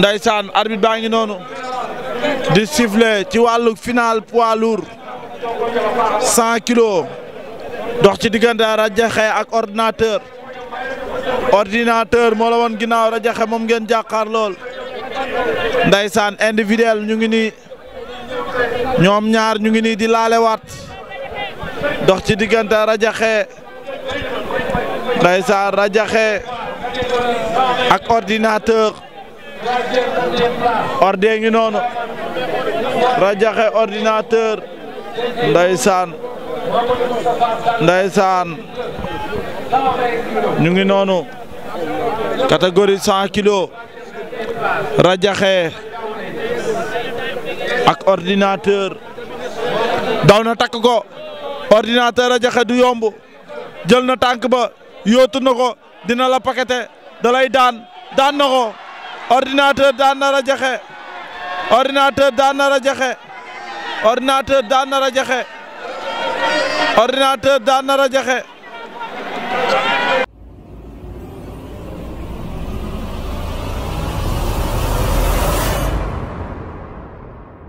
ndaysaan arbitre baa ngi noonu di siffler ci wàllu final poids lourd cent kilos dox ci diggante Radiakhé ak ordinateur ordinateur moo la woon ginnaaw Radiakhé moom ngeen jàkkaar lool Ndeysaan individuel ñu ngi nii ñoom ñaar ñu ngi nii di laalewaat dox ci diggante Radiakhé Ndeysaan Radiakhé ak ordinateur. ordi ngi noonu rajaxe ordinateur ndeysaan ndeysaan ñu ngi noonu catégorie cent kilos rajaxe ak ordinateur daw na takk ko ordinateur rajaxe du yomb jël na tànk ba yóotu na ko dina la pakete da daan daan na ko ordinateur daanara nar a jaxe ordinateur daan nar a jaxe ordinateur ordinateur daan nar